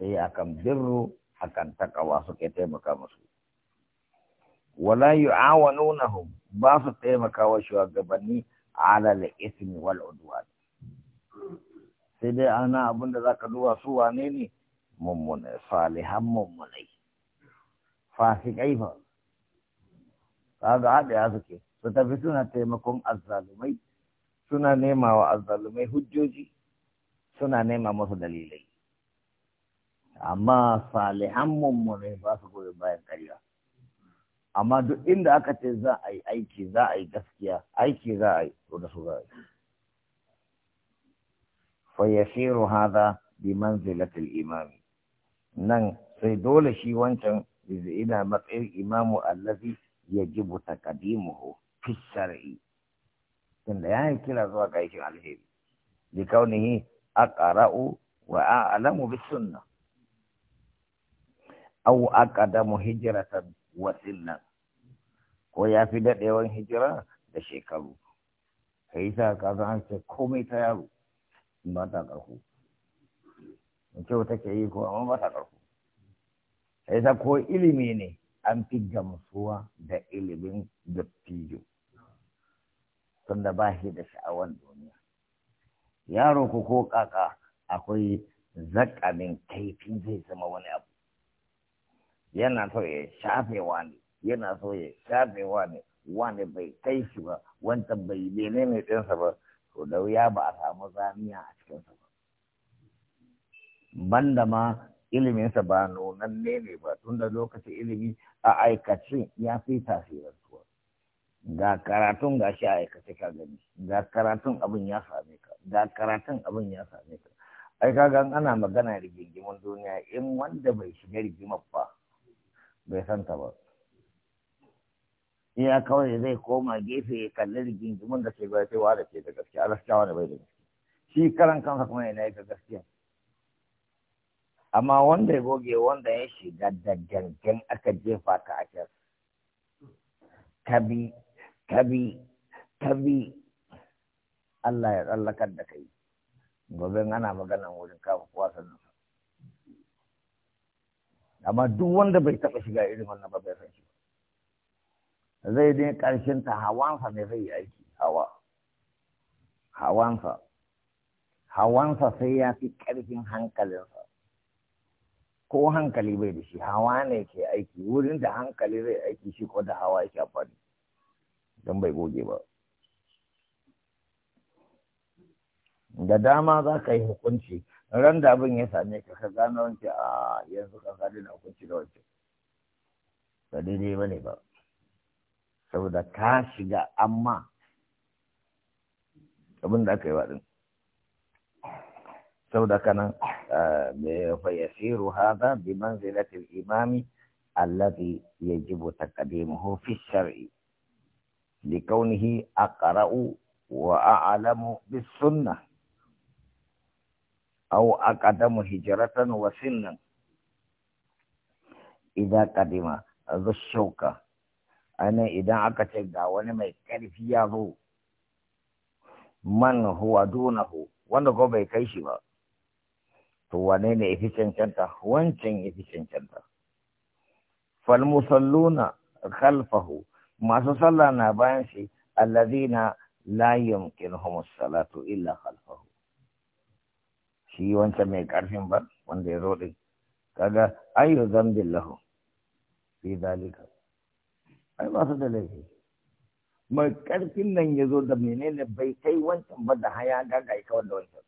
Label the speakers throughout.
Speaker 1: sai akan birru akan takawa suke taimaka musu wala yu'awanunahum ba su taimaka wa shugabanni ala al-ismi wal udwan sai dai ana abinda zaka duba su wane ne mummune salihan mummunai Fasik aifa. kaga hada ya suke su tafi suna taimakon azzalumai suna nema wa azzalumai hujjoji suna nema musu dalilai amma salihan mummune ba su goyi bayan karya. amma duk inda aka ce za a yi aiki za a yi gaskiya aiki za a yi to da su za a yi fa yasiru hadha bi manzilatil imami nan sai dole shi wancan ina matsayin imamu allazi yajibu taqdimuhu fi shar'i tunda ya yi kira zuwa ga aikin alheri bi kaunihi aqra'u wa a'lamu bis sunnah au aqadamu hijratan wa sinnan ko ya fi dadewan hijira da shekaru kai sa ka an ce komai ta yaro ba ta karfu wata take yi ko amma ba ta karfu sai sa ko ilimi ne an fi gamsuwa da ilimin dattijo tunda ba shi da sha'awan duniya yaro ko ko kaka akwai zakamin kaifin zai zama wani abu yana so ya shafe wani yana so ya shafe wani wani bai kai shi ba wanda bai bene mai ɗinsa ba to da wuya ba a samu zamiya a cikinsa ba banda ma iliminsa ba nonanne ne ba tunda lokacin ilimi a aikace ya fi tasirantuwa ga karatun ga shi a aikace ka gani ga karatun abin ya same ka ga karatun abin ya same ka ai kaga ana magana rigingimin duniya in wanda bai shiga rigimar ba bai santa ba iya kawai zai koma gefe ya kalli rigingimin da ke bai sai wa da ke da gaskiya da bai da gaskiya shi karan kansa kuma yana yi ga gaskiya amma wanda ya goge wanda ya shiga da gangan aka jefa ka a kyar kabi kabi kabi Allah ya tsallakar da kai gobe ana maganan wurin kafa kuwa sannan amma duk wanda bai taɓa shiga irin wannan ba bai san shi zai dai ƙarshen ta hawansa ne zai yi aiki hawa hawansa hawansa sai ya fi ƙarfin hankalinsa ko hankali bai da shi hawa ne ke aiki wurin da hankali zai aiki shi ko da hawa yake amfani don bai goge ba da dama za ka yi hukunci ran da abin ya same ka ka gano wance a yanzu kan sadu na hukunci da wance ba daidai ba ne ba saboda ka shiga amma abin da aka yi waɗin saboda kanan eh, fa yasiru hada bi manzilati imami alladhi yajibu taqdimuhu fi shar'i li kaunihi aqra'u wa a'lamu bis sunnah أو أقدم هجرة وسنا إذا قدم ذو الشوكة أنا إذا أكتب وأنا ما يكرف يابو man huwa dunahu wanda ko bai kai shi ba to wane ne yafi cancanta wancan yafi cancanta fal musalluna khalfahu masu sallah na bayan shi allazina la yumkinuhum salatu illa khalfahu shi wancan mai ƙarfin ba wanda ya zo ɗin kaga ayyu zambin lahu fi zalika ai ba su da laifi mai ƙarfin nan ya zo da menene bai kai wancan ba da haya gaga ya kawar da wancan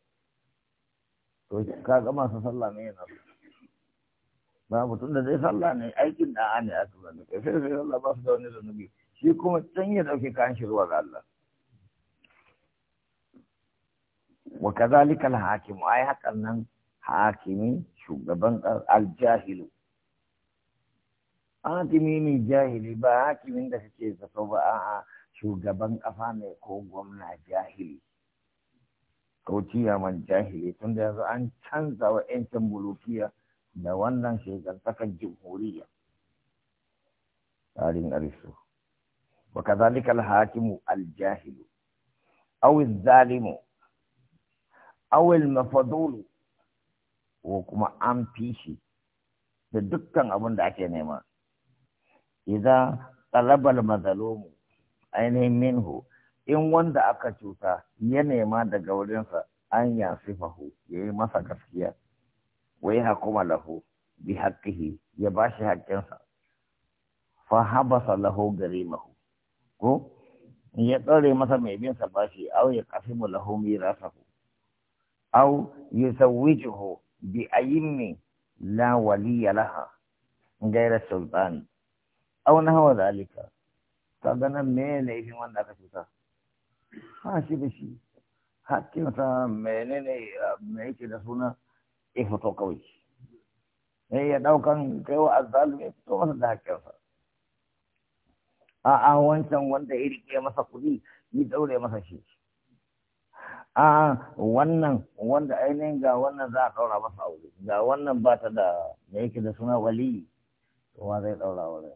Speaker 1: to kaga masu sallah ne yana ba mutum da zai sallah ne aikin da ne a tuba ne sai sai sallah ba su da wani zanubi shi kuma can ya dauke kayan shi zuwa ga Allah وكذلك الحاكم اي حقنا حاكمي شغبان الجاهل حاكمي من جاهل با حاكمي ده كيكي سو شغبان قفا مي كو جاهل كوتيا من جاهل تندا ان تشانزا و ان تشمولوكيا da wannan shekar ta kan jamhuriya tarin arisu wa kazalika al hakimu al jahilu awil mafadulu wa kuma an fi shi da dukkan abin da ake nema idan talabal mazalumu ainihin minhu in wanda aka cuta ya nema daga wurinsa an yasifahu ya yi masa gaskiya wai kuma lafu, bi haqqihi ya bashi haƙƙinsa fa habasa lahu garimahu ko ya tsare masa mai binsa sa bashi aw ya qasimu lahu mirasahu au yuzawwijuhu bi ayimmi la waliya laha gaira sultani au nahwa zalika kaga nan me laifin wanda aka cuta ba da shi hakkinsa menene me yake da suna ya fito kawai sai ya daukan kaiwa azzalumi ya fito masa da hakkinsa a'a wancan wanda ya rike masa kuɗi ya daure masa shi a wannan wanda ainihin ga wannan za a ɗaura masa aure ga wannan ba ta da da yake da suna wali to zai ɗaura aure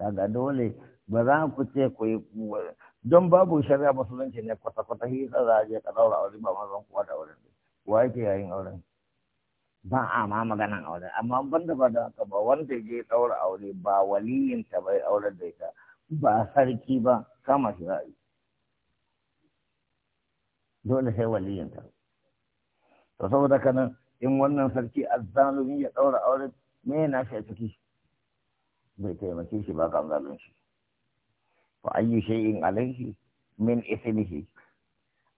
Speaker 1: daga dole ba za ku ce ku yi don babu shari'a musulunci ne kwata-kwata sa za a je ka ɗaura aure ba mazan kuwa da auren wa yake yayin auren ba a ma maganan aure amma ban da ba da haka ba wanda je ɗaura aure ba waliyin ta bai aure da ita ba sarki ba kama shi yi. dole sai waliyinta to saboda kana in wannan sarki azzalumi ya daura auren me yana shi a ciki bai taimake shi ba kan zalun shi fa ayyu shay'in alaihi min ismihi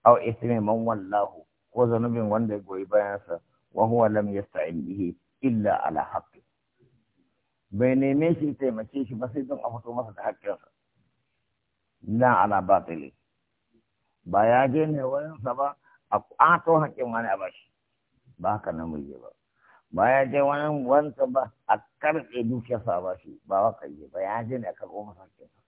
Speaker 1: aw ismi man wallahu ko zanubin wanda ya goyi bayansa wa huwa lam yasta'in bihi illa ala haqqi bai neme shi taimake shi ba sai don a fito masa da haƙƙinsa na ala batili ba ya je ne wayansa ba a ƙwato haƙƙin wani a bashi ba haka na mai ba ba ya je wani wanta ba a karɓe dukiyarsa a bashi ba haka yi ba ya je ne a karɓo masa haƙƙinsa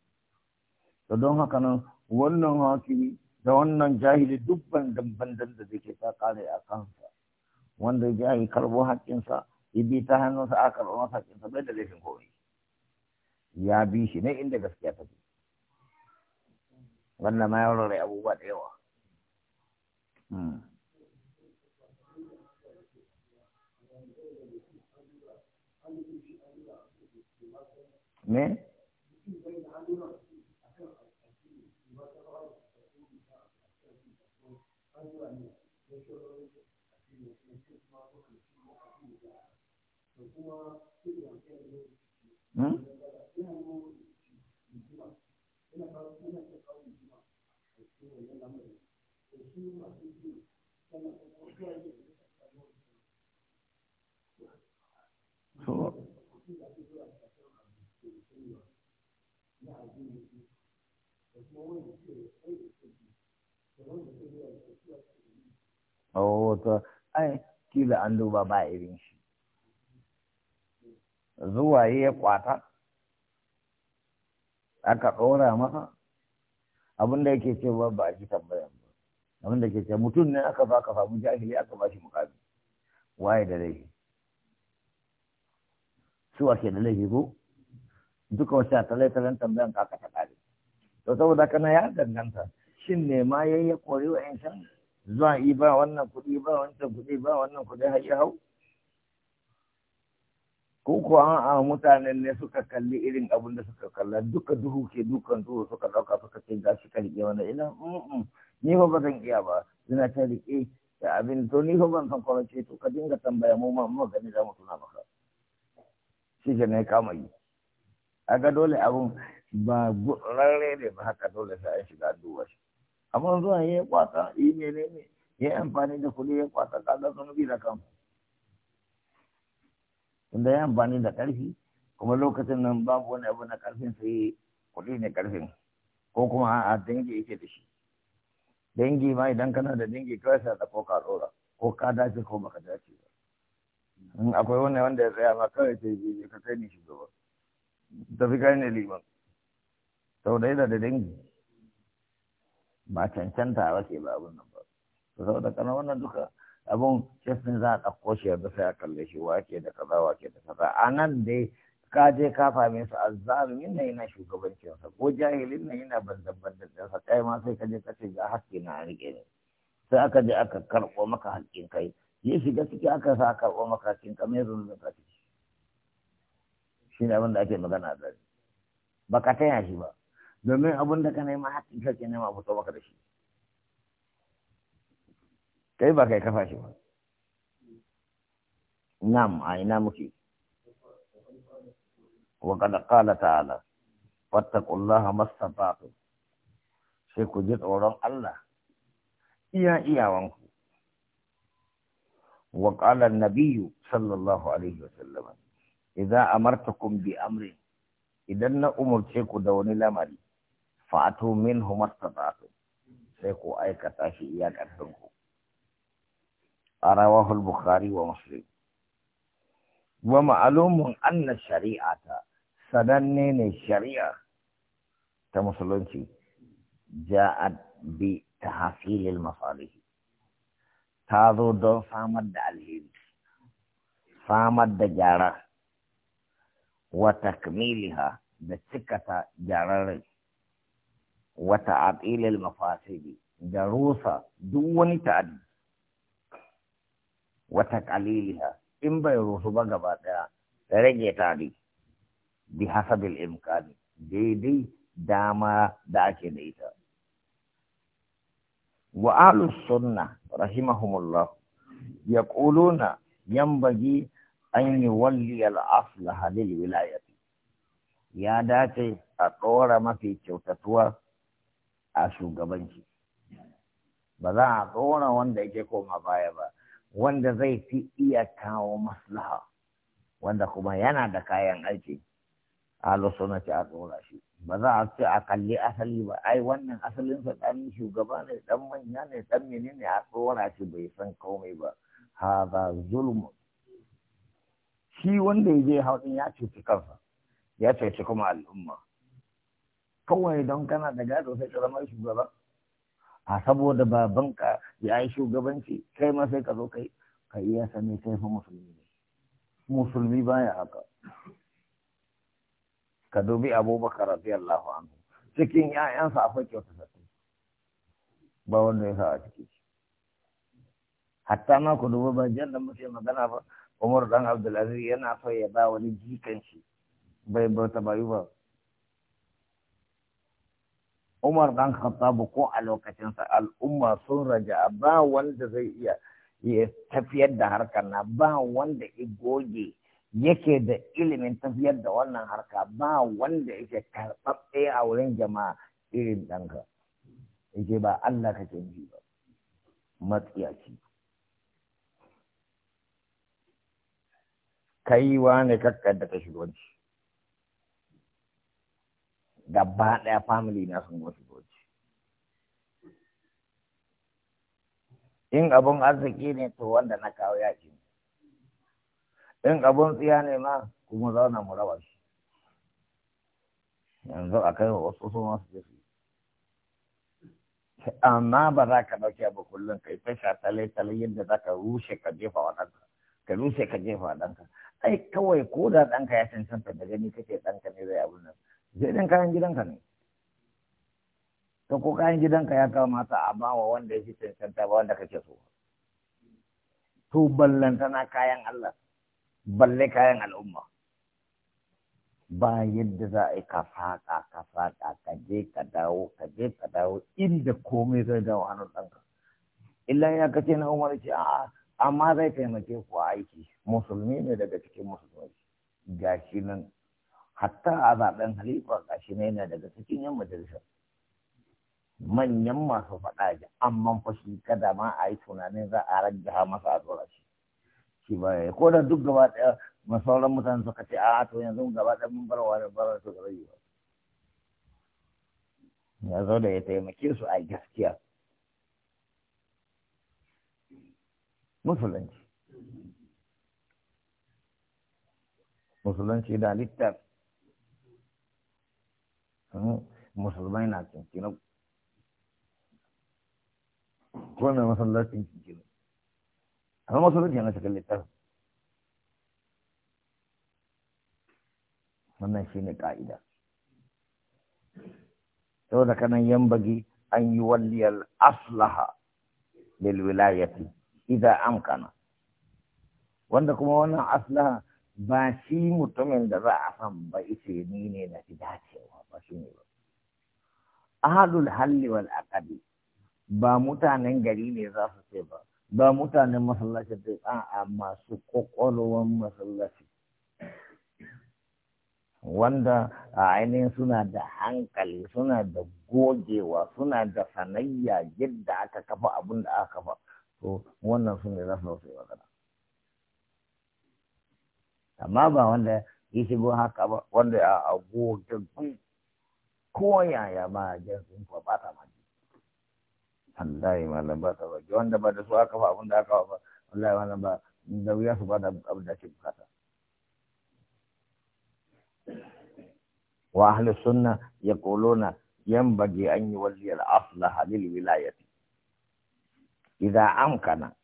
Speaker 1: to don haka nan wannan hakimi da wannan jahili duk bandan da zai ta kare a kansa wanda ya yi karɓo haƙƙinsa ya bi ta hannunsa a karɓo masa haƙƙinsa bai da laifin komai ya bi shi ne inda gaskiya ta fi. wannan ma ya rarrai abubuwa da yawa ne? Hmm? wato ai kila an duba ba irin shi zuwa ya kwata aka ɗora masa abin da yake cewa ba a ji tambayan ba abin da ke cewa mutum ne aka ba ka famu jahili aka ba shi mukami waye da laifi su ake da laifi ko duka a talai-talan tambayan ka aka taɓa kare to saboda kana ya danganta shin ne ma yayi ya kori wa yan shan zuwa yi ba wannan kuɗi ba wancan kuɗi ba wannan kuɗi har hau ko kuwa a mutanen ne suka kalli irin abin da suka kalla duka duhu ke dukan duhu suka dauka suka ce ga shi karke wanda ina ni ba zan iya ba suna ta rike da abin to ni ba ban san ce to ka dinga tambaya mu ma mu gani za mu tuna maka shi ke ne kama yi a ga dole abin ba rarre ne ba haka dole sai an shiga duwa shi amma zuwa ya kwata yi ne ne ya yi amfani da kuɗi ya kwata kaga sun bi da kanku da ya amfani da ƙarfi kuma lokacin nan babu wani abu na ƙarfin sai kuɗi ne ƙarfin ko kuma a dangi yake da shi dangi ma idan kana da dangi kawai sai da ko ko ka dace ko baka dace ba in akwai wani wanda ya tsaya ma kawai sai je ka kai ni shugaba fi kai ne liman sau da da dangi ba cancanta ba ke ba abin nan ba saboda kana wannan duka abun shafin za a ɗauko shi yanzu sai a kalle shi wake da kaza wake da kaza a nan dai ka je ka fame su azzalumin na yana shugabancinsa ko jahilin na yana banzan banzan sa kai ma sai ka je ka ce ga haske na a riƙe ne sai aka je aka karɓo maka haƙƙin kai ya shiga ciki aka sa karɓo maka haƙƙin kai mai zan ka ciki shi ne abin da ake magana zari ba ka taya shi ba domin abin da ka nema haƙƙin ka ke ma a fito maka da shi kai ba kai kafa shi ba nam a ina muke wa kada kala ta'ala fattaqullaha mastata'tum sai ku ji tsoron Allah iya iyawanku wa qala an-nabiy sallallahu alaihi wasallam idza amartukum bi amri idan na umurce ku da wani lamari fa'atu minhu mastata'tum sai ku aikata shi iya karfin ku رواه البخاري ومسلم ومعلوم أن الشريعة سنن الشريعة تمسلونتي جاءت بتحصيل المصالح تاذو دو فامد الهيد فامد دجارة وتكميلها بسكة جارة وتعطيل المفاسد دروس دون تعدي wata kaliliha in bai rusu ba gaba ɗaya rage tari bi hasabil imkani daidai dama da ake da ita wa ahlus sunna rahimahumullah yaquluna yanbaghi an yuwalli al-aslaha lil wilayati ya dace a tsora mafi kyautatuwa a shugabanci ba za a tsora wanda yake koma baya ba wanda zai fi iya kawo maslaha wanda kuma yana da kayan aiki alo suna ce a tsora shi ba za a ce a kalli asali ba ai wannan asalinsa dan shugaba ne dan manya ne dan menene a tsora shi bai san komai ba za zulmu shi wanda ya je haɗin ya cuci kansa ya cuci kuma al'umma kawai don kana da gado sai ka shugaba a saboda babanka ya yi shugabanci kai ma sai ka zo kai ka iya sani kai fa musulmi ne musulmi baya haka ka dubi abubakar radiyallahu anhu cikin ƴaƴansa akwai kyauta ba wanda ya sa a ciki hatta ma ku dubi ba jiyar da muke magana ba Umar dan Abdulaziz yana so ya ba wani jikan shi bai bauta bayu ba Umar dan Khattabu ko a lokacinsa al'umma sun raja ba wanda zai iya ya tafiyar da harkar na ba wanda ya goge yake da ilimin tafiyar da wannan harka ba wanda yake karɓaɓɓe a wurin jama'a irin ɗanka yake ba Allah ka ji ba matsiyaci kai wane kakka da ka shugabanci gaba ɗaya family na sun mutu doci in abun arziki ne to wanda na kawo yakin in abun tsiya ne ma kuma zauna mu raba shi yanzu a kai wasu su masu jefi amma ba za ka ɗauke abu kullum kai fasha tale-tale yadda za ka rushe ka jefa wa ɗanka ka rushe ka jefa wa ai kawai ko da ɗanka ya cancanta da gani kake ɗanka ne zai abun nan sai kayan gidanka ne to ko kayan gidanka ya kamata a bawa wanda ya fi cancanta ba wanda kake so to tana kayan Allah balle kayan al'umma ba yadda za a yi ka faɗa ka faɗa ka je ka dawo ka je ka dawo inda komai zai dawo hannun ɗanka illa ya kace na umar ce a'a amma zai taimake ku a aiki musulmi ne daga cikin musulmi gashi nan hatta a zaben halifa kashi ne yana daga cikin yan majalisar manyan masu faɗa ji amman fashi kada ma a yi tunanin za a rajjaha masa a tsora shi shi ba ya ko da duk gaba ɗaya masauran mutane suka ce a to yanzu gaba ɗaya mun barwa da barar su gaba yi ba ya zo da ya taimake su a gaskiya musulunci musulunci da littafi musulmai na cincinu wannan masallacin cincinu amma musulunci yana cikin littafin wannan shi ne ƙa'ida sau da kanan yan bagi an yi walliyar aslaha lil wilayati idan amkana wanda kuma wannan aslaha ba shi mutumin da za a san ba ice ni ne na fi dacewa ba shi ne ba ahadul halli wal aqabi ba mutanen gari ne za su ce ba ba mutanen masallaci a a'a masu ƙwaƙwalwan masallaci wanda a ainihin suna da hankali suna da gogewa suna da sanayya yadda aka kafa abin da aka kafa to wannan su ne za su yi amma ba wanda ya shigo haka ba wanda ya agogaggu ko yaya ma sun ko ba ta maji wallahi malam ba ta maji wanda ba da su aka fa abin aka fa wallahi malam ba da wuya su ba da abin da bukata wa ahli sunna yan bage an yuwalli al-aslah halil wilayati idan amkana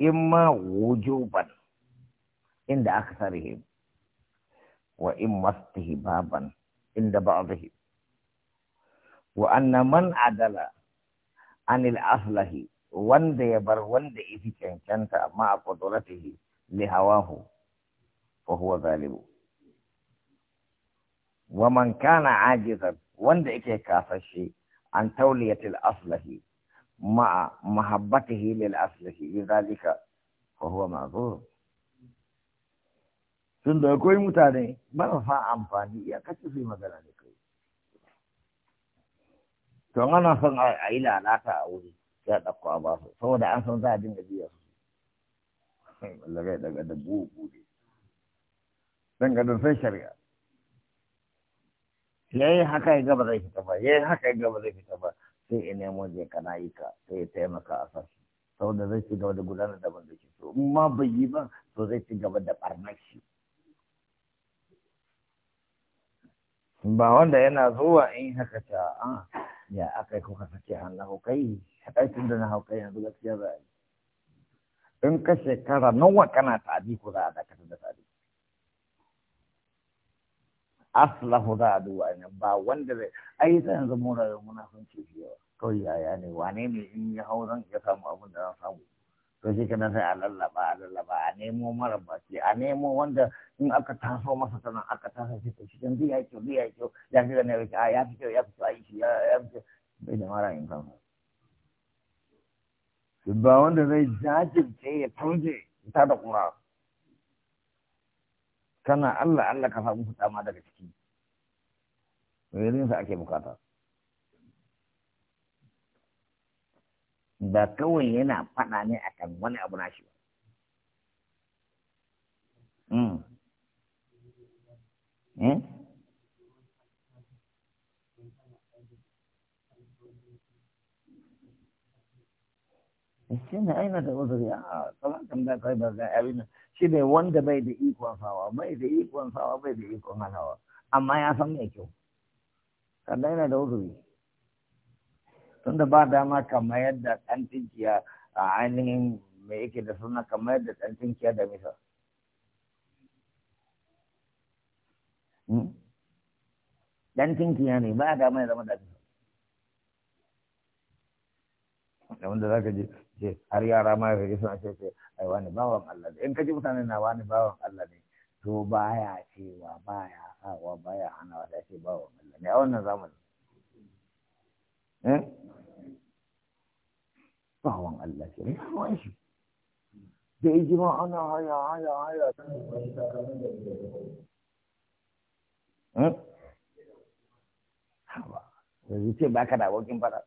Speaker 1: imma wujuban عند أكثرهم وإن وإما بابا عند بعضهم وأن من عدل عن الأصله وند يبر وند إذا كانت مع قدرته لهواه فهو ظالم ومن كان عاجزا وند إذا الشيء عن تولية الأصله مع محبته للأصله لذلك فهو معذور tun da akwai mutane marasa amfani ya kace su magana ne kai to ana son a yi lalata a wuri ya ɗauko a basu saboda an san za a dinga biya su wallahi daga da bugu ne dangane sai shari'a ya yi haka ya gaba zai fita ba ya yi haka ya gaba zai fita ba sai in nemo je kana yi ka sai ya taimaka a sashi saboda zai ci gaba da gudanar da ban da so in ma bai yi ba to zai ci gaba da ɓarnar shi ba wanda yana zuwa in haka ta a ah, ya ko kuka sake hannu haukai aikin da na haukai yanzu gaskiya za a in ka shekara nawa kana tabi ko za a dakatar da tabi aslahu za a duba ne ba wanda zai ai zan zama munafunci fiye kawai yaya ne wane ne in ya hau zan iya samu abin da zan samu to shi kana sai a lallaba a lallaba a nemo mara baki a nemo wanda in aka taso masa sanan aka taso shi to shi dan zai yi kyau zai yi kyau ya fi ganin yake a ya fi kyau ya fi kyau a yi shi ya fi kyau bai da mara yin kansa ba wanda zai jajirce ya tauje ta da kura kana Allah Allah ka samu fita ma daga ciki Wai yanzu ake bukata ba kawai yana faɗa ne a kan wani abu hmm. eh? na shi ba. Shi ne aina da uzuri a tsaron tambaya kawai ba zai abin shi ne wanda bai da ikon sawa bai da ikon sawa bai da ikon halawa, amma ya san mai kyau. Kada yana da uzuri. tunda ba dama ka mayar da ɗan tinkiya a ainihin mai yake da suna ka mayar da ɗan tinkiya da misa hmm? ɗan tinkiya ne ba dama ya zama da misa da wanda za ka ji ce har yara ma ya suna ce ce ai wani bawan Allah ne in ka ji mutane na wani bawan Allah ne to baya cewa baya sawa baya hana wata ce bawan Allah ne a wannan zamanin hmm? bawan Allah ke ne ruwan shi da ya ji ma ana haya haya haya hmm? hawa yanzu ce ba ka da abokin fada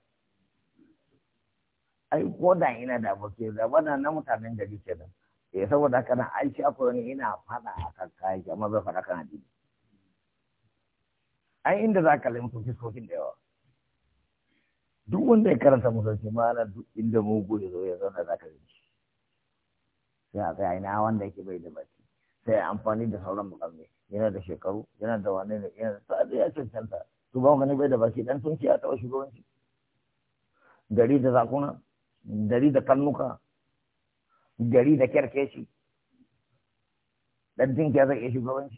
Speaker 1: ai ko da ina da abokin da wannan na mutanen gari kenan eh saboda haka na An shi akwai wani ina fada a kan kayan amma bai fada kan addini ai inda za ka limfi fiskokin da yawa duk wanda ya karanta musulunci ma'ana duk inda mugu ya zo ya zauna za ka yi sai a tsaya na wanda yake bai da baki sai amfani da sauran mukamai yana da shekaru yana da wani ne yana da sa'adu ya cancanta to ba wani bai da baki dan sun ciya taɓa shugabanci gari da zakuna gari da kannuka gari da kyarkeci dan tinkiya zai iya shugabanci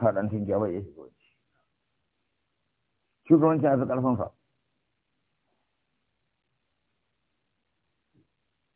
Speaker 1: ha dan tinkiya bai iya shugabanci shugabanci na su ƙarfinsa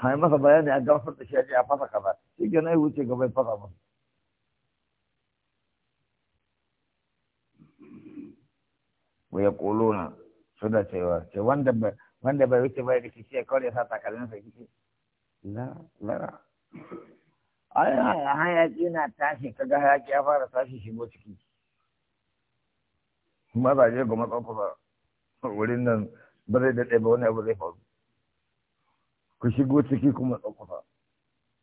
Speaker 1: hay masa bayani a gafar da shi a fasa kaza shi ke na wuce ga bai fasa masa wa ya kolo na? suna cewa ce wanda ba wanda bai wuce bai da kishi kawai ya sa takalin sa kishi la lara ai hayaki na tashi kaga hayaki ya fara tashi shigo ciki mazaje ga matsakusa wurin nan ba zai daɗe ba wani abu zai faru ku shigo ciki kuma tsakufa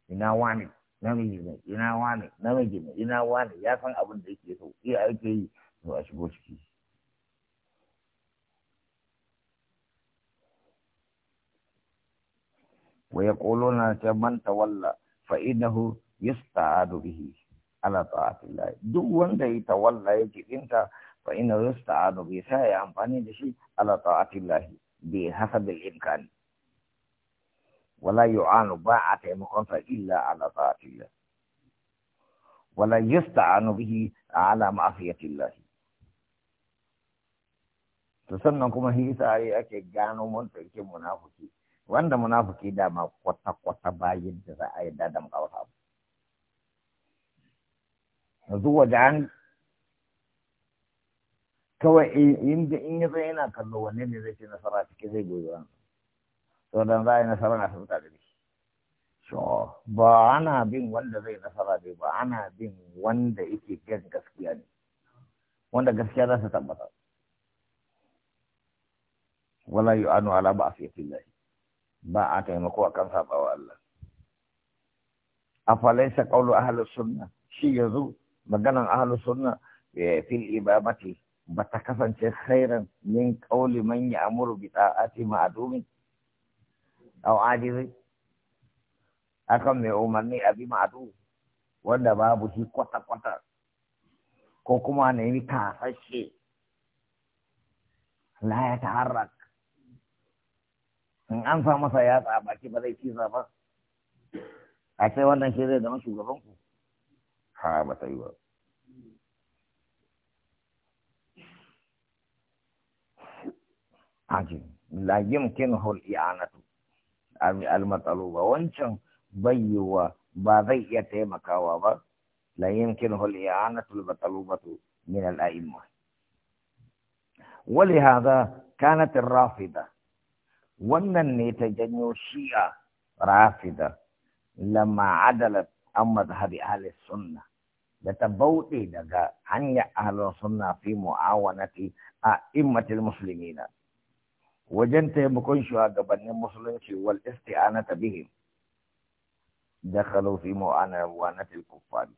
Speaker 1: ina wani namiji ne ina wani namiji ne ina wani ya san abin da yake so iya ake yi to a shigo ciki wa na ce man tawalla fa innahu yusta'adu bihi ala ta'atillah duk wanda ya tawalla ya jibinta fa innahu yusta'adu bihi sai amfani da shi ala ta'atillah bi hasabil imkani wala yu'anu ba a taimakonsa illa ala ta'atillah wala yusta'anu bihi ala ma'asiyatillah to sannan kuma isa ai ake gano mun ke munafiki wanda munafiki dama kwata kwata ba da za a yi da dam ba. yanzu wajen kawai in yi zai yana kallo wanne ne zai ce nasara cikin zai goyi wani to dan za yi nasara na sauta da shi ba ana bin wanda zai nasara dai ba ana bin wanda yake gan gaskiya ne wanda gaskiya za su tabbata wala yu'anu ala ba'siyatillahi ba a taimako a kan sabawa Allah afalaisa qawlu ahli suna, shi yanzu maganan ahli sunna eh, fil ibamati ta kasance khairan min qawli man ya'muru bi ta'ati ma'dumin au ajizi akan mai umarni a bi ma'adu wanda babu shi kwata-kwata ko kuma nemi kasashe la ya taharrak in an sa masa yatsa a baki ba zai ciza ba a sai wannan shi zai zama shugaban ku ha ba ta yi ba ajin la yumkinuhu al-i'anatu al-mataluba wancan bayyuwa ba zai iya taimakawa ba la yumkinuhu al-i'anatu al-matalubatu min al-a'imma ولهذا كانت الرافضة wannan ne ta janyo shi'a rafida lamma adalat an mazhabi ahli sunna da ta bauɗe daga hanyar ahlus sunna fi mu'awanati a immatil muslimina wajen taimakon shugabannin musulunci wal isti'anata bihim dakhalu fi mu'ana wa natil kuffar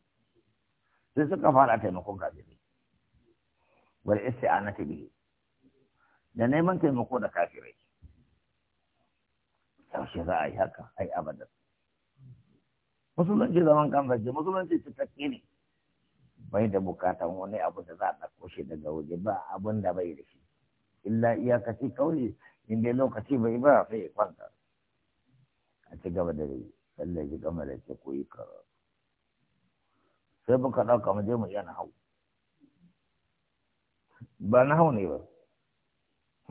Speaker 1: sai suka fara taimakon kafiri wal isti'anata bihim da neman taimako da kafirai yaushe za a yi haka ai abadan musulunci zaman kansa ce musulunci cikakke ne bai da bukatan wani abu da za a ɗauko shi daga waje ba abin da bai da shi illa iyakaci kawai in dai lokaci bai ba sai ya kwanta a ci gaba da rai sallar ji gama da ce koyi karo sai muka ɗauka mu je mu yana na hau ba na hau ne ba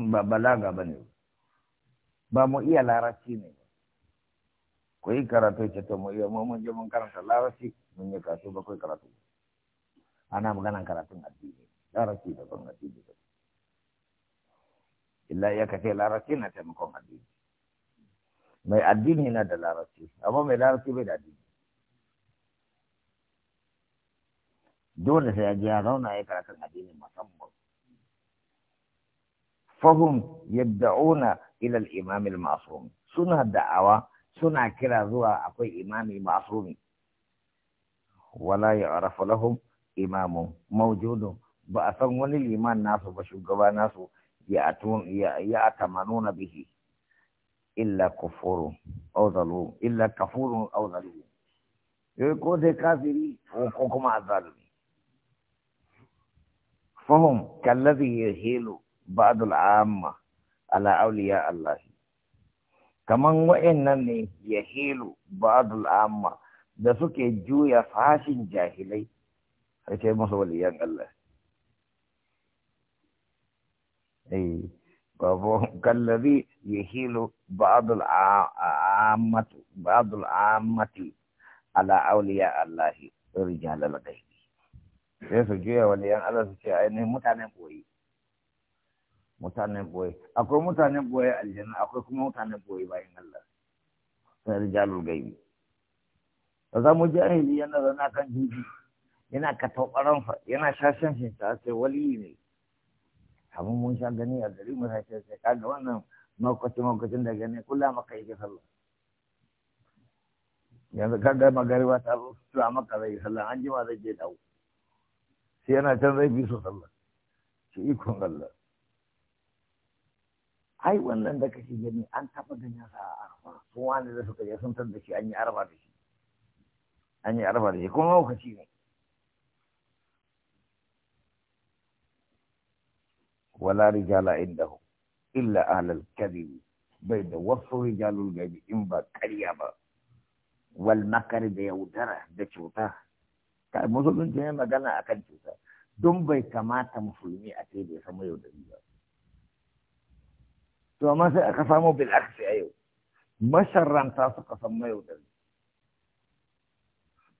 Speaker 1: ba balaga ba ne ba mu iya larabci ne ba ku yi karatu ce to mu iya mun je mun karanta larabci mun yi kasu ba kai karatu ana maganan karatun addini larabci ban addini daban illa ya kace larabci na taimakon addini mai addini na da larabci amma mai larabci bai da addini dole sai ya ji ya zauna ya karatun addini musamman fahim yadda'una ila al-imam al-ma'sum suna da'awa suna kira zuwa akwai imami ma'sumi wala ya arafa lahum imamu mawjudun ba a san wani liman nasu ba shugaba nasu يأتون يأتمنون به إلا كفور أو ظلوم إلا كفور أو ظلوم يقول ذي كافري وحكم الظالمين فهم كالذي يهيل بعض العامة على أولياء الله كما وإنني يهيل بعض العامة دسوك amma فاشن جاهلي juya fashin jahilai sai eh kallazi yahilu ba'dul ammatu ba'dul ammati ala awliya Allah rijal al-ghaib sai su juya waliyan Allah su ce ainihin mutanen boye mutanen boye akwai mutanen boye aljanna akwai kuma mutanen boye bayan Allah sai rijalul gaibi ba za mu jahili yana zana kan jiji yana fa yana shashan shi sai ce wali ne kamar mun sha gani a gari mu sai sai kaga wannan makwacin makwacin da gani kullum maka yake sallah yanzu kaga magariba ta su a maka zai sallah an jima zai je dawo sai yana can zai bi su sallah shi ikon Allah ai wannan da kake gani an taba ganin sa a arfa sun wani da suka je sun tar da shi an yi arfa da shi an yi arfa da shi kuma lokaci ne wala rijala indahu illa ahlal kadhib bai da wasu rijalul gaibi in ba kariya ba wal makari da yaudara da cuta kai musulun ne magana akan cuta don bai kamata musulmi a ce bai samu yaudari ba to amma sai aka samu bil aksi a yau ta suka san mayaudari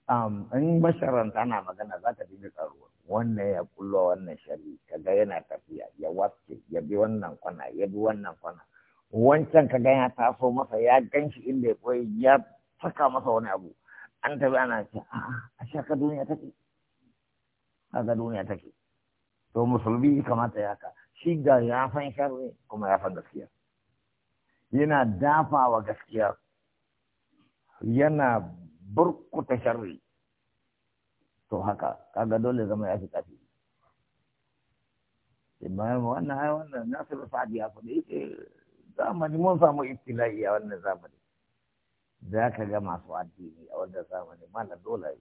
Speaker 1: in masharanta na magana za ta dinga karuwa wannan ya kullo wannan shari kaga yana tafiya ya waske ya bi wannan kwana ya bi wannan kwana wancan kaga ya taso masa ya ganshi inda ya koyi ya saka masa wani abu an tafi ana ce a shaka duniya take ga duniya take to musulmi kamata ya ka. shi ga ya fan sharri kuma ya fan gaskiya yana dafawa gaskiya yana burkuta sharri to haka kaga dole zama ya fi ƙafi eh, bayan wannan ai wannan nasiru sa'adi ya faɗi yake zamani mun samu ibtila'i a wannan zamani za ka ga masu addini a wannan zamani mana dole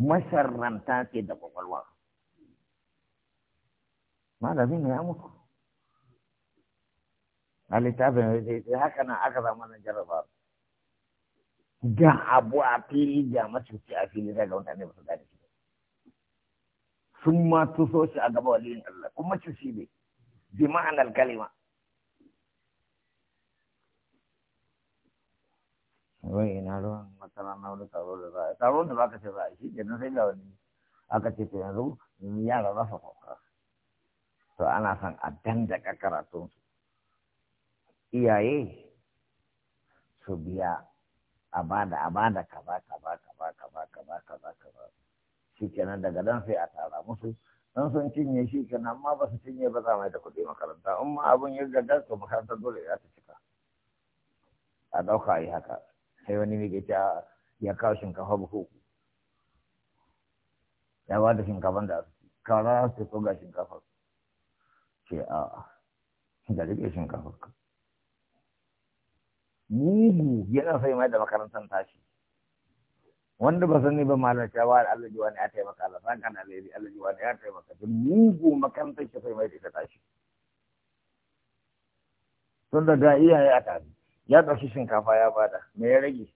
Speaker 1: masharranta ce da kwakwalwa malamin ne ya mutu a littafin sai eh, eh, haka nan aka zama nan jarabar. ga abu a fili ga macuci a fili daga mutane ba su gane shi sun ma tuso shi a gaba waliyin Allah kuma macuci ne bi ma'anar kalima wai ina ruwan matsala na wani taro da za a taro da za ka ce za a shi kenan sai ga wani aka ce ta yanzu yara za su kwakwa to ana son a dandaka karatunsu iyaye su biya a bada a bada kaza kaza kaza kaza kaza kaza kaza shi kenan daga nan sai a tara musu dan sun cinye shi kenan amma ba su cinye ba za mai da kuɗi makaranta in ma abin ya su to makarantar dole ya ta cika a ɗauka a yi haka sai wani mai ta ya kawo shinkafa ba koko ya ba da shinkafan da kawo za su ga shinkafa ce a da rike shinkafa ka mugu yana sai mai da makarantar tashi wanda ba sani ba malam shawar Allah ji wani ya taimaka Allah san na alheri Allah ji wani ya taimaka da mugu makarantar shi sai mai da tashi tun da ga iyaye a tare ya ɗauki shinkafa ya bada me ya rage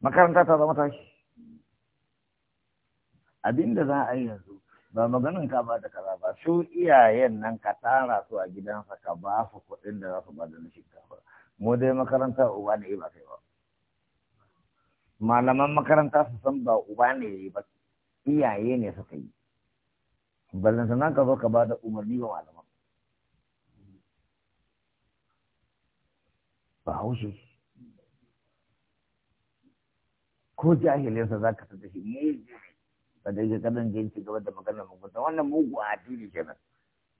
Speaker 1: makaranta ta zama tashi abinda za a yi yanzu ba maganin ka ba da kaza ba su iyayen nan ka tara su a gidansa ka ba su kuɗin da za su bada na shinkafa mu dai makaranta uba ne ba kai ba malaman makaranta su san ba uba ne ba iyaye ne suka yi sanan ka zo ka ba da umarni wa malaman ba haushe ko jahilinsa za ta tattashi ne ba da ga kadan je ci gaba da maganar mugunta wannan mugu a addini kenan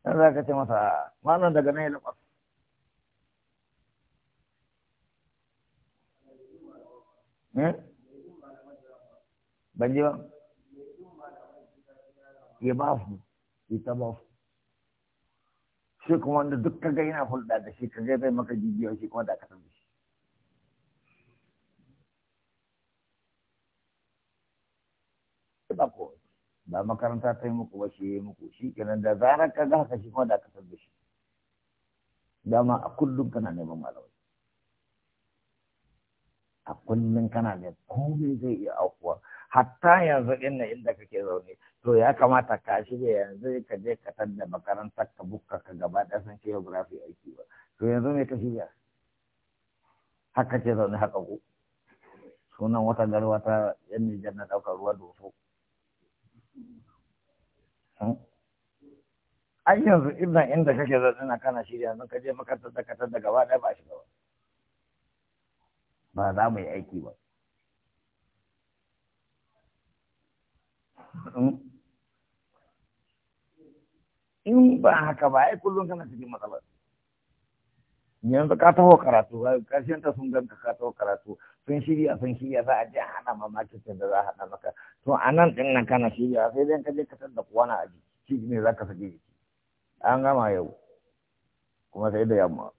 Speaker 1: dan za ka ce masa malam daga nan ya lafa Eh? ban ba ya ba su ya ta ba su shi kuma wanda duk ka ga yana hulɗa da shi ka ga zai maka jijiyo shi kuma da kasar san shi ba ko ba makaranta ta yi muku ba shi ya yi muku shi kenan da zarar ka ga haka shi kuma da kasar da shi dama a kullum kana neman malamai kullum kana ne komai zai iya aukuwa hatta yanzu na inda kake zaune to ya kamata ka shirya yanzu ka je ka tanda makarantar ka bukka ka gaba da san geography aiki ba to yanzu ne ka shirya haka ce zaune haka ku sunan wata garwa ta yan Nijar na ɗaukar ruwa doso hmm? ai yanzu idan inda kake zaune kana shirya yanzu ka je makarantar da ka tadda gaba da ba shi ba. ba za mu yi aiki ba hmm? in ba haka ba ai kullum kana cikin matsala yanzu ka taho karatu karshen ta sun ganka ka taho karatu sun shirya sun shirya za a je a hana da za a hana maka to a nan ɗin nan kana shirya sai dai ka je ka tanda kuwa na aji shi ne za ka saki jiki an gama yau kuma sai da yamma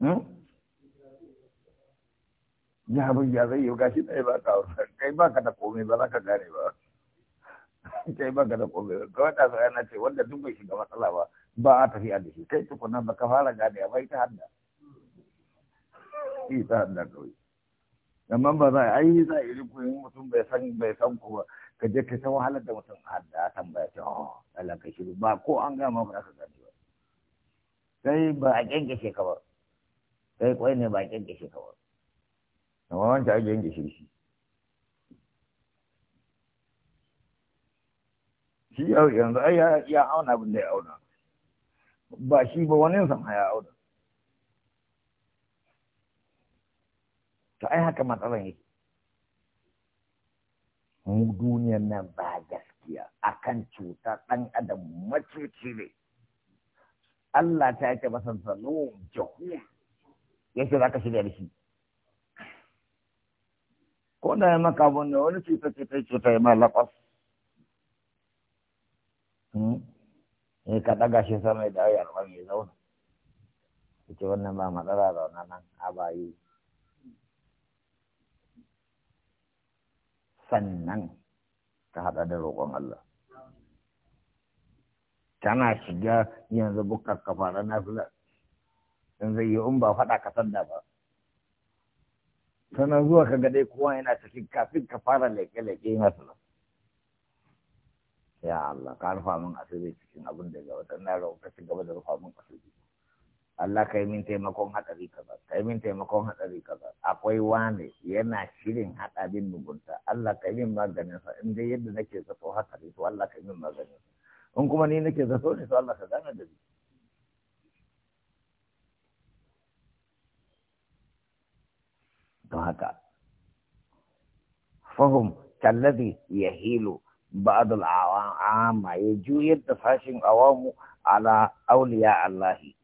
Speaker 1: Hmm? ya abin ya zai yi gashi ɗaya ba ka kai ba ka da komai ba za ka gane ba kai ba ka da komai ba kawai ta zai ana ce wanda duk bai shiga matsala ba ba a tafi a shi kai tukunan ba ka fara gane ba ita hadda ita hadda kawai amma ba za a yi za a yi riko yin mutum bai san bai san ku ba ka je ka ta wahalar da mutum a hadda a tambaya ce oh Allah ka shiru ba ko an gama ba za ka gane ba sai ba a kyankyashe ka ba kai kwai ne ba kyanke shi kawai amma wancan ake yanke shi shi shi yanzu ai ya auna abin da ya auna ba shi ba wani san ya auna ta ai haka matsalan yake mu duniyar nan ba gaskiya a kan cuta ɗan adam macuci ne Allah ta yake masa zalum jahuwa. yaushe za ka da shi ko da ya maka abun da wani cuta ce ta cuta ya ma kwas? ne hmm? eh, ka ɗaga shi sama da ya wani ya zauna ita wannan ba matsala zauna nan a bayi sannan ka hada da roƙon Allah tana shiga yanzu bukar kafara na fila in zai yi in ba faɗa ka sanda ba sannan zuwa ka ga dai kowa yana cikin kafin ka fara leƙe-leƙe yana salam ya Allah ka rufa min asiri cikin abin da ga wata na ka ci gaba da rufa min asiri Allah ka yi min taimakon haɗari kaza ka yi min taimakon haɗari kaza akwai wane yana shirin haɗarin mugunta Allah ka yi min maganin sa in dai yadda nake zato hatsari to Allah ka yi min maganin sa in kuma ni nake zato ne to Allah ka gane da ni don haka fahim kallabi ya hilo ba'adul amma ya juyar da fashin awamu ala auliya Allahi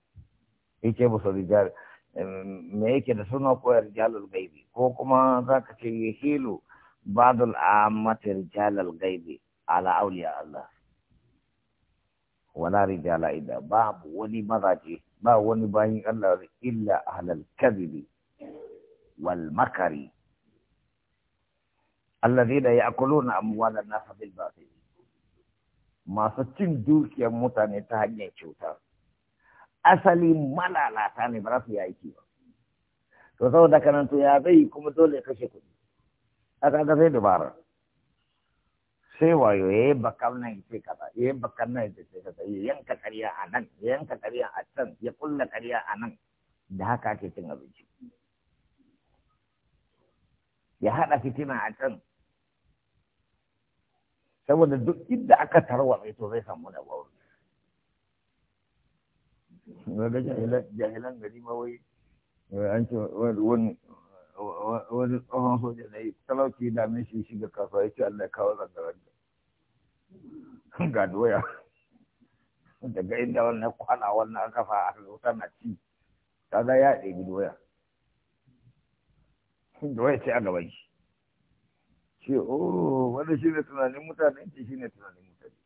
Speaker 1: yake musu rijal me yake da suna ko rijalul gaibi ko kuma zaka ce ya hilo ba'adul ammati rijalul gaibi ala auliya Allah wala rijala ida babu wani mazaje ba wani bayin Allah illa ahlal kadibi wal makari a ya'kuluna amwalan nas bil batil masu cin dukiyar mutane ta hanyar cuta asali malalata ne ba za su yi aiki ba to saboda kanan to ya zai kuma dole kashe kuɗi aka ga sai dubara sai wayo ya eh, yi nan ce kaza ya eh, yi bakar nan ya ce kaza ya yanka karya a nan ya yanka karya a can ya kulla karya a nan da haka ake cin abinci ya haɗa fitina a can saboda duk inda aka tarwatsa to zai samu da bauri ga jahilan gari ma wai an ce wani tsohon soja na yi talauci da min shi shiga kasuwa ya ce Allah ya kawo zanga-zanga ga doya daga inda wannan kwana wannan kafa a wuta na ci ta ya ɗebi doya doya ce a gaban shi ce o wani shi ne tunanin mutane ce shi ne tunanin mutane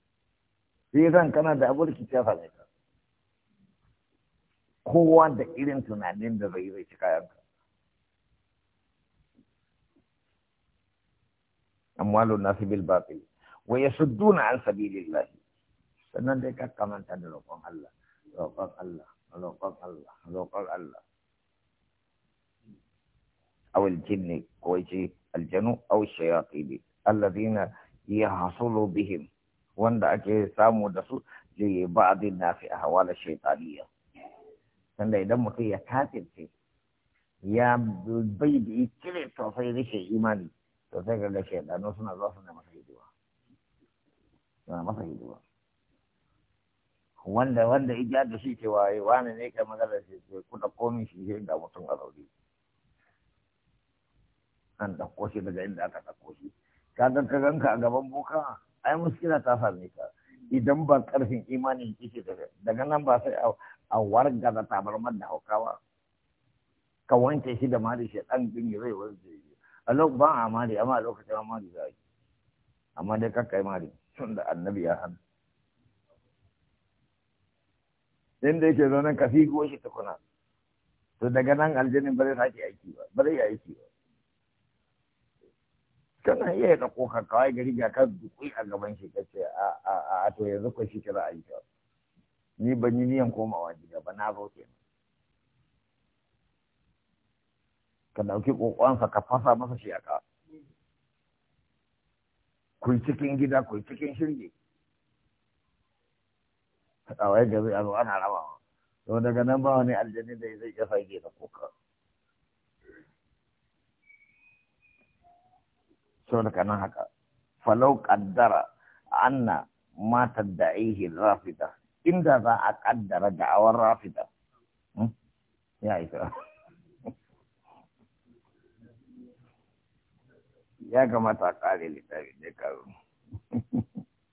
Speaker 1: sai zan kana da abu da ki ta same ka kowa da irin tunanin da zai zai ci kayan ka amwalu nasu bil batil wa yasudduna an sabilillah sannan dai ka kamanta da roƙon Allah roƙon Allah roƙon Allah roƙon Allah أو الجن كويجي الجنو أو الشياطين الذين يحصل بهم وان أكي سامو دسو لبعض الناس أهوال الشيطانية سند إذا مطيع كاتب شيء يا بيد يكلي توصي cire إيماني توصي imani شيء لا ga gashi ɗano suna zuwa suna masa hidiwa suna wanda wanda ija da shi cewa wani ne kamar da shi ko kuɗa komai shi shi ga mutum a rauni an ɗauko shi daga inda aka ɗauko shi ga ka ganka a gaban boka ai muskila ta same ka idan ba ƙarfin imanin kike daga nan ba sai a warga da tabarmar da haukawa ka wanke shi da mali shi ɗan gini zai wanke shi a lokacin ba a mali amma a lokacin mali za a yi amma dai kakkai mali tun da annabi ya hannu inda yake zaune ka fi goshi tukuna to daga nan aljanin ba zai sake aiki ba ba zai aiki ba tana iya ka koka kawai gari ga ka dukui a gaban shi ka ce a a to yanzu ko shi kira yi ta. ni ban yi niyan komawa gida ba na zo ke ka dauki kokonsa ka fasa masa shi a ka ku cikin gida ku cikin shirye a wai gari a zo ana rabawa to daga nan ba wani aljani da zai iya fage da koka sau da kanan haka falau kaddara anna ma da aihi rafida inda za a kaddara da'awar rafida hmm? ya isa ya kamata a kare littafi ne karu